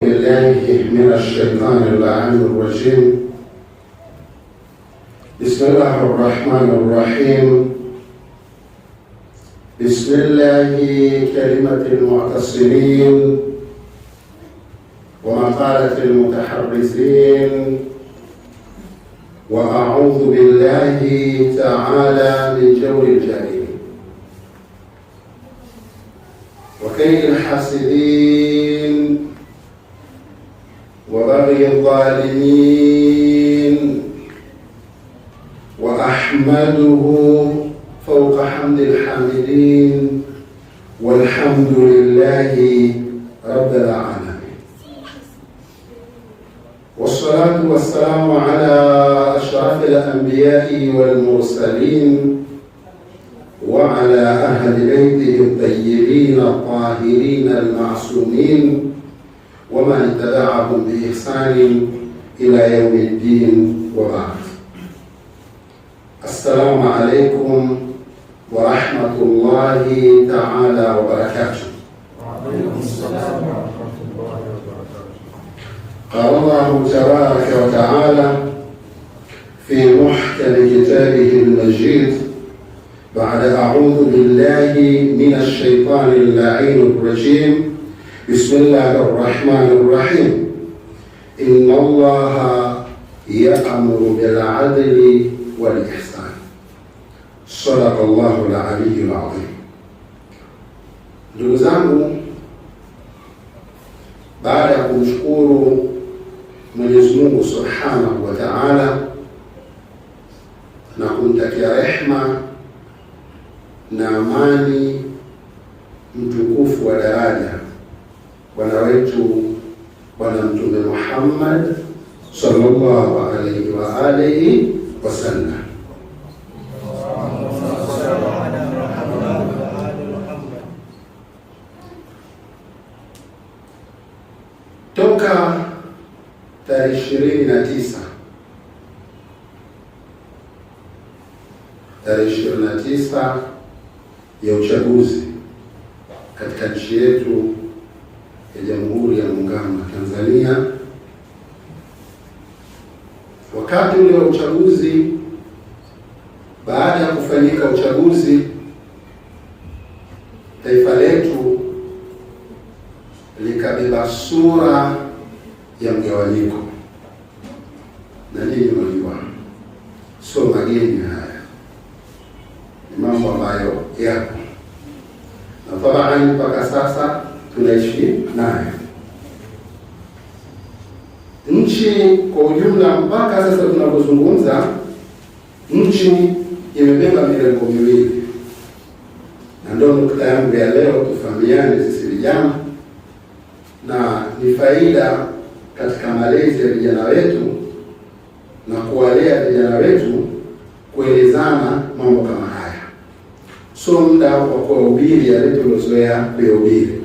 بالله من الشيطان اللعين الرجيم بسم الله الرحمن الرحيم بسم الله كلمة المعتصمين ومقالة المتحرزين وأعوذ بالله تعالى من جور الجاهلين وكيد الحاسدين ورغي الظالمين وأحمده فوق حمد الحامدين والحمد لله رب العالمين والصلاة والسلام على أشرف الأنبياء والمرسلين وعلى أهل بيته الطيبين الطاهرين المعصومين ومن تبعهم بإحسان إلى يوم الدين وبعد السلام عليكم ورحمة الله تعالى وبركاته وعليكم السلام ورحمة الله وبركاته قال الله تبارك وتعالى في محكم كتابه المجيد بعد أعوذ بالله من الشيطان اللعين الرجيم بسم الله الرحمن الرحيم إن الله يأمر بالعدل والإحسان صدق الله العلي العظيم دوزانو بعد أن من من سبحانه وتعالى نكون تكي رحمه Kutoka tarehe ishirini na tisa tarehe ishirini na tisa ya uchaguzi katika nchi yetu ya Jamhuri ya Muungano wa Tanzania. Wakati ule wa uchaguzi, baada ya kufanyika uchaguzi, taifa letu likabeba sura ya mgawanyiko, na nini mnajua sio mageni haya, ni mambo ambayo yapo na tabaan, mpaka sasa tunaishi nayo nchi kwa ujumla. Mpaka sasa tunapozungumza, nchi imebeba mirengo miwili, na ndio nukta yangu ya leo, tufahamiane sisi vijana na ni faida katika malezi ya vijana wetu na kuwalea vijana wetu kuelezana mambo kama haya. So muda wa kuwahubiri yale tuliozoea kuyahubiri,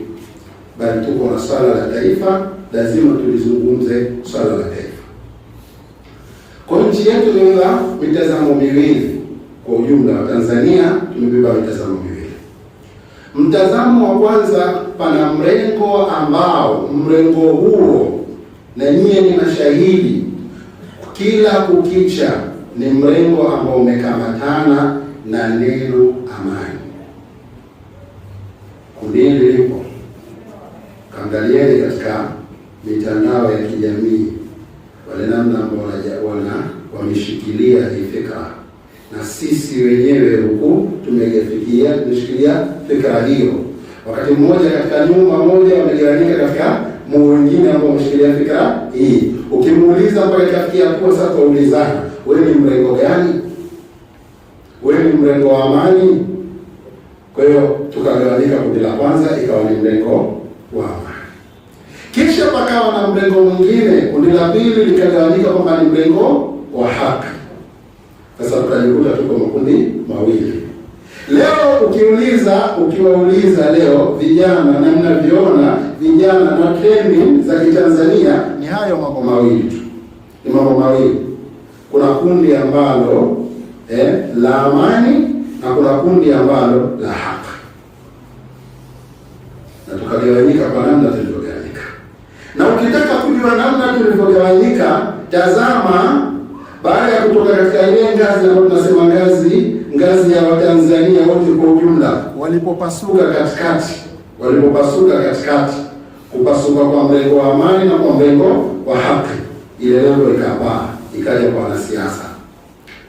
bali tuko na swala la taifa, lazima tulizungumze swala la taifa. Kwa nchi yetu niula mitazamo miwili kwa ujumla wa Tanzania, tumebeba mitazamo miwili. Mtazamo wa kwanza, pana mrengo ambao mrengo huo na nyie ni mashahidi, kila kukicha ni mrengo ambao umekamatana na neno amani. Kunini lipo kaangalieni katika mitandao ya kijamii wale namna ambao wana wameshikilia hii fikra, na sisi wenyewe huku tumefikia tumeshikilia fikra hiyo. Wakati mmoja katika nyumba moja wamegawanyika katika mu wengine ambao wameshikilia fikra hii. Ukimuuliza mpaka ikafikia hapo sasa tuulizana, wewe ni mrengo gani? Wewe ni mrengo wa amani? Kwa hiyo tukagawanyika, kundi la kwanza ikawa ni mrengo wa amani, kisha pakawa na mrengo mwingine, kundi la pili likagawanyika kwamba ni mrengo wa haki. Sasa tutajikuta tuko makundi mawili. Leo ukiuliza ukiwauliza leo vijana na mnavyoona vijana na trendi za Kitanzania ni hayo mambo mawili tu, ni mambo mawili. Kuna kundi ambalo eh, la amani na kuna kundi ambalo la haki, na tukagawanyika kwa namna tulivyogawanyika. Na ukitaka kujua namna tulivyogawanyika, tazama baada ya kutoka katika ile ngazi ambayo tunasema ngazi ngazi ya Watanzania wote kwa ujumla walipopasuka katikati, walipopasuka katikati, kupasuka kwa mrengo wa amani na kwa mrengo wa haki, ile lengo ikapaa, ikaja kwa wanasiasa.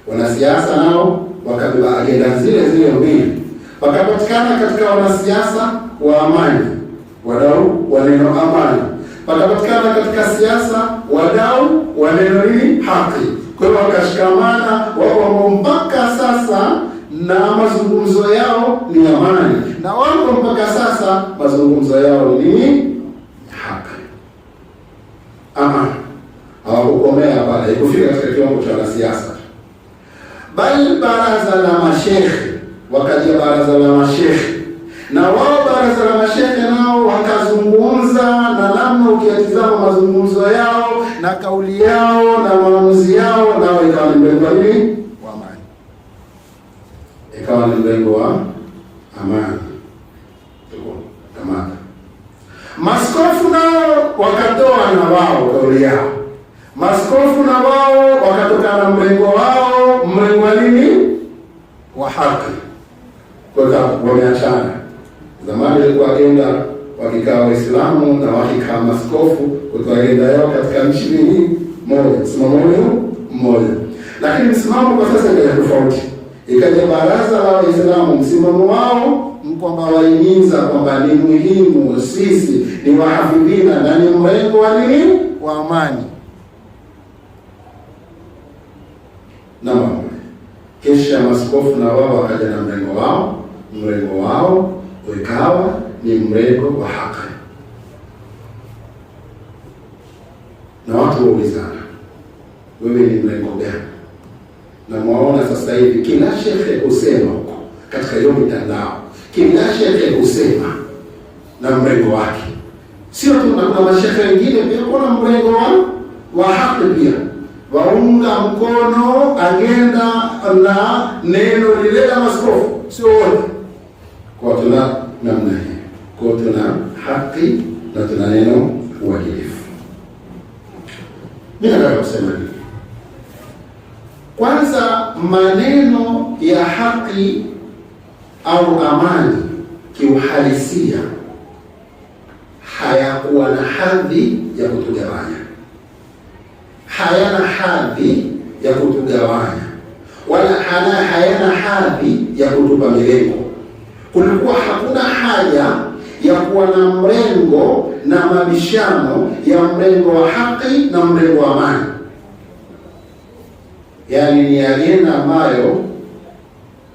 Wanasiasa nao wakabeba agenda zile zile mbili, pakapatikana katika wanasiasa wa amani wadau wa neno amani, pakapatikana katika siasa wadau wa neno hili haki kwa hiyo wakashikamana, wako mpaka sasa na mazungumzo yao ni amani, na wako mpaka sasa mazungumzo yao ni haki, amani. Hawakukomea pale, ikufika katika kiwango cha wanasiasa, bali baraza la mashehe wakaja, baraza la mashehe na wao na Salama mashehe nao wakazungumza, na namna ukiatizama mazungumzo yao na kauli yao na maamuzi yao, nao ikawa ni mrengo wa nini? Wa amani, ikawa ni mrengo wa amani. Kamata maskofu nao wakatoa na wao kauli yao, maskofu na wao wakatoka na mrengo wao, mrengo wa nini? Wa haki, kwa sababu wameachana Zamani ilikuwa agenda wakikaa Waislamu na wakikaa maskofu, kutoa agenda yao katika nchi nini moja, msimamo mmoja. Lakini msimamo kwa sasa ni tofauti. Ikaja baraza la Waislamu, msimamo wao kwamba waimiza kwamba ni muhimu sisi ni wahafidhina na ni mrengo wa nini wa amani na Kesha maskofu na wao wakaja na mrengo wao mrengo wao wekawa ni mrengo wa haki na watu waulizana, wewe ni mrengo gani? Na mwaona sasa hivi kila shekhe husema huko katika hiyo mitandao, kila shekhe husema na mrengo wake. Sio tu, na kuna mashekhe wengine pia kuna mrengo wa wa haki pia waunga mkono agenda na neno lile la maskofu, sio wote kwa tuna namna hii, kwa tuna haki na tuna neno uadilifu. Mimi nataka kusema nini? Kwanza, maneno ya haki au amani kiuhalisia hayakuwa na hadhi ya kutugawanya, hayana hadhi ya kutugawanya wala hayana hadhi ya kutupa milengo kulikuwa hakuna haja ya kuwa na mrengo na mabishano ya mrengo wa haki na mrengo wa amani. Yaani ni ajenda ambayo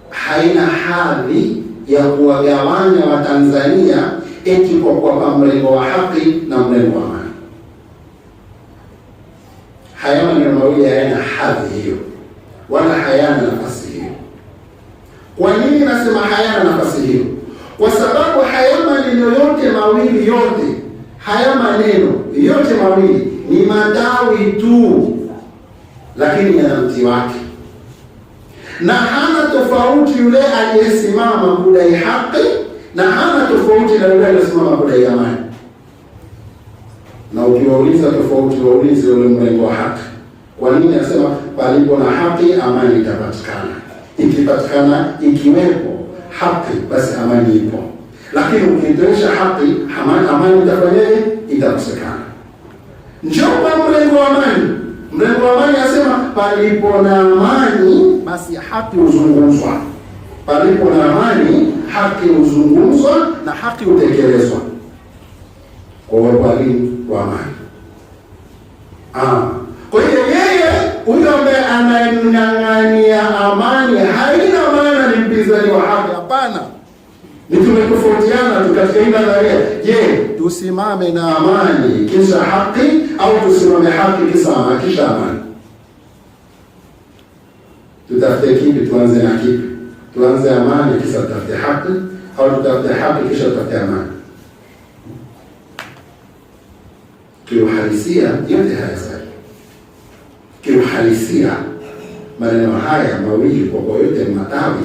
haina hadhi ya kuwagawanya Watanzania eti kwa kuwapa mrengo wa haki na mrengo wa amani. Haya maneno mawili hayana hadhi hiyo, wala hayana nafasi kwa nini nasema hayana nafasi hiyo? Kwa sababu haya maneno yote mawili, yote haya maneno yote mawili ni matawi tu, lakini yana mti wake, na hana tofauti yule aliyesimama kudai haki, na hana tofauti na yule aliyesimama kudai amani. Na ukiwauliza tofauti, waulize yule mrengo wa haki. Kwa nini anasema palipo na haki amani itapatikana? ikipatikana ikiwepo haki, basi amani ipo, lakini ukiteresha haki, amani itafanyeje Itakosekana. Ndio mrengo wa amani. mrengo wa amani anasema palipo na amani, basi haki huzungumzwa. Palipo na amani, haki huzungumzwa na haki hutekelezwa kwa uwepo wa amani. Ah. tukitofautiana katika hii nadharia, je, tusimame na amani kisha haki au tusimame haki kisha kisha amani? Tutafute kipi? Tuanze na kipi? Tuanze amani kisha tutafute haki au tutafute haki kisha tutafute amani? Kiuhalisia yote haya sasa, kiuhalisia maneno haya mawili kwa kwa yote matawi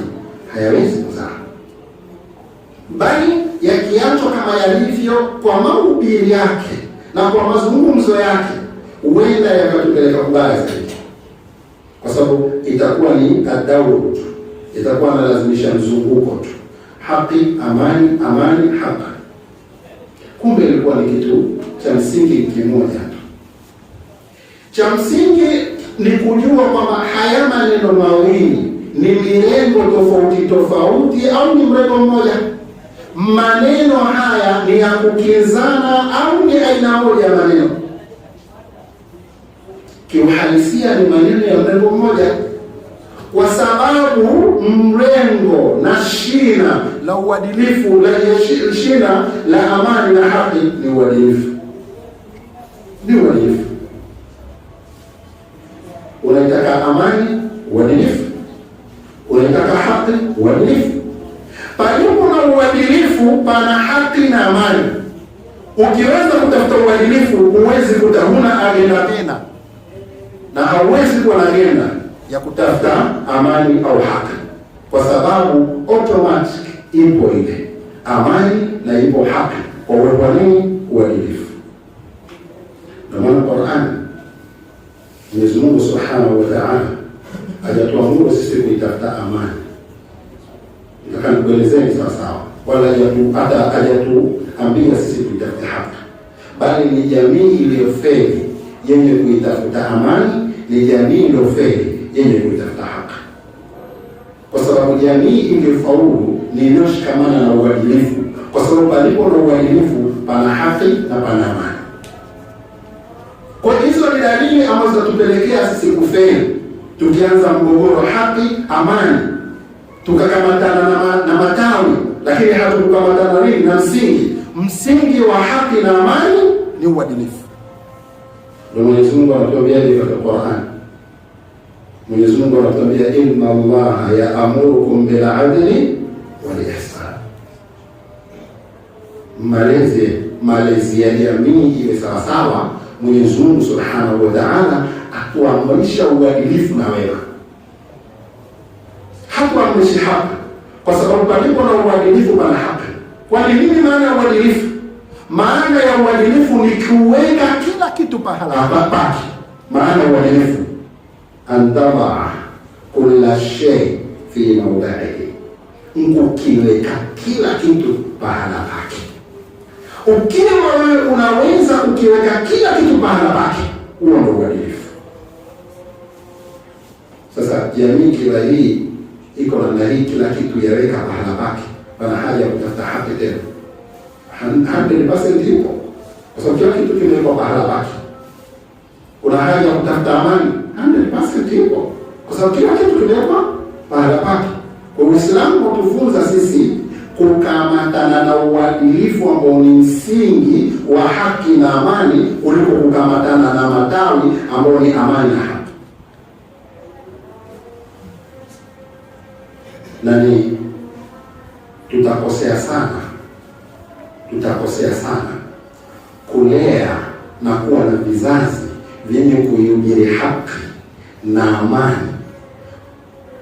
hayawezi kuzaa bali yakiachwa kama yalivyo kwa maubiri yake na kwa mazungumzo yake, huenda yakatupeleka kubaya zaidi, kwa sababu itakuwa ni tadauru tu, itakuwa analazimisha mzunguko tu, haki amani, amani haki. Kumbe ilikuwa ni kitu cha msingi kimoja tu. Cha msingi ni kujua kwamba haya maneno mawili ni mirengo tofauti tofauti au ni mrengo mmoja maneno haya ni ya kukinzana au ni aina moja ya maneno? Kiuhalisia ni maneno ya mrengo mmoja, kwa sababu mrengo na shina la uadilifu la shina la amani na haki ni uadilifu, ni uadilifu. Unaitaka amani, uadilifu. Unaitaka haki, uadilifu Palipo na uadilifu pana haki na amani. Ukiweza kutafuta uadilifu, huwezi kutahuna agenda tena, na hauwezi kuwa na agenda ya kutafuta amani au haki, kwa sababu automatic ipo ile amani na ipo haki kwa uwepo nini? Uadilifu. Na maana Qur'an, Mwenyezi Mungu Subhanahu wa Ta'ala hajatuamuru sisi kuitafuta amani akanibelezeni sawasawa, wala hata hajatuambia sisi tuitafute haki, bali ni jamii iliyofeli yenye kuitafuta amani, ni jamii iliyofeli yenye kuitafuta haki, kwa sababu jamii iliyofaulu ni inayoshikamana na uadilifu, kwa sababu palipo na uadilifu pana haki na pana amani. Kwa hizo ni dalili ambazo zinatupelekea sisi kufeli, tukianza mgogoro haki amani tukakamatana na, na matawi, lakini hatukukamatana nini na msingi. Msingi wa haki na amani ni uadilifu. Ndio Mwenyezi Mungu anatuambia hivi katika Qur'an. Mwenyezi Mungu anatuambia inna Allaha yaamurukum bil adli wal Malezi malezi ya jamii iwe sawasawa, Mwenyezi Mungu Subhanahu wa Ta'ala atuamrisha uadilifu na wema hapo ameishi hapa, kwa sababu palipo na uadilifu pana hapa. Kwa nini maana ya uadilifu? Maana ya uadilifu ni kuweka kila kitu pahala pake. Maana ya uadilifu antaba kula shay fi mawdaihi, nkukiweka kila kitu pahala pake. Ukiwa wewe unaweza ukiweka kila kitu pahala pake, huo ndio uadilifu. Sasa jamii kila hii iko na hii, kila kitu yaweka mahala pake, pana haja ya kutafuta hati tena. ni basi ndipo, kwa sababu kila kitu kimewekwa mahala pake. Kuna haja ya kutafuta amani, ni basi ndipo, kwa sababu kila kitu kimewekwa mahala pake. Kwa Uislamu watufunza sisi kukamatana na uadilifu ambao ni msingi wa haki na amani kuliko kukamatana na matawi ambao ni amani na haki. nani, tutakosea sana, tutakosea sana kulea na kuwa na vizazi vyenye kuhubiri haki na amani,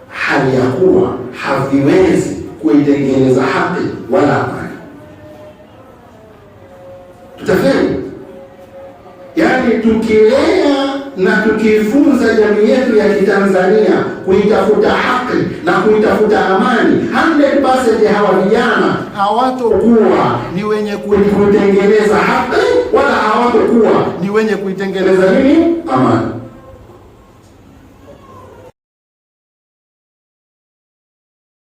hali ya kuwa haviwezi kuitengeneza haki wala amani. Tutafeli yaani, tukilea na tukifunza jamii yetu ya Kitanzania kuitafuta haki haki na kuitafuta amani, 100% hawa vijana hawatokuwa ni wenye kutengeneza haki wala hawatokuwa ni wenye kuitengeneza nini amani.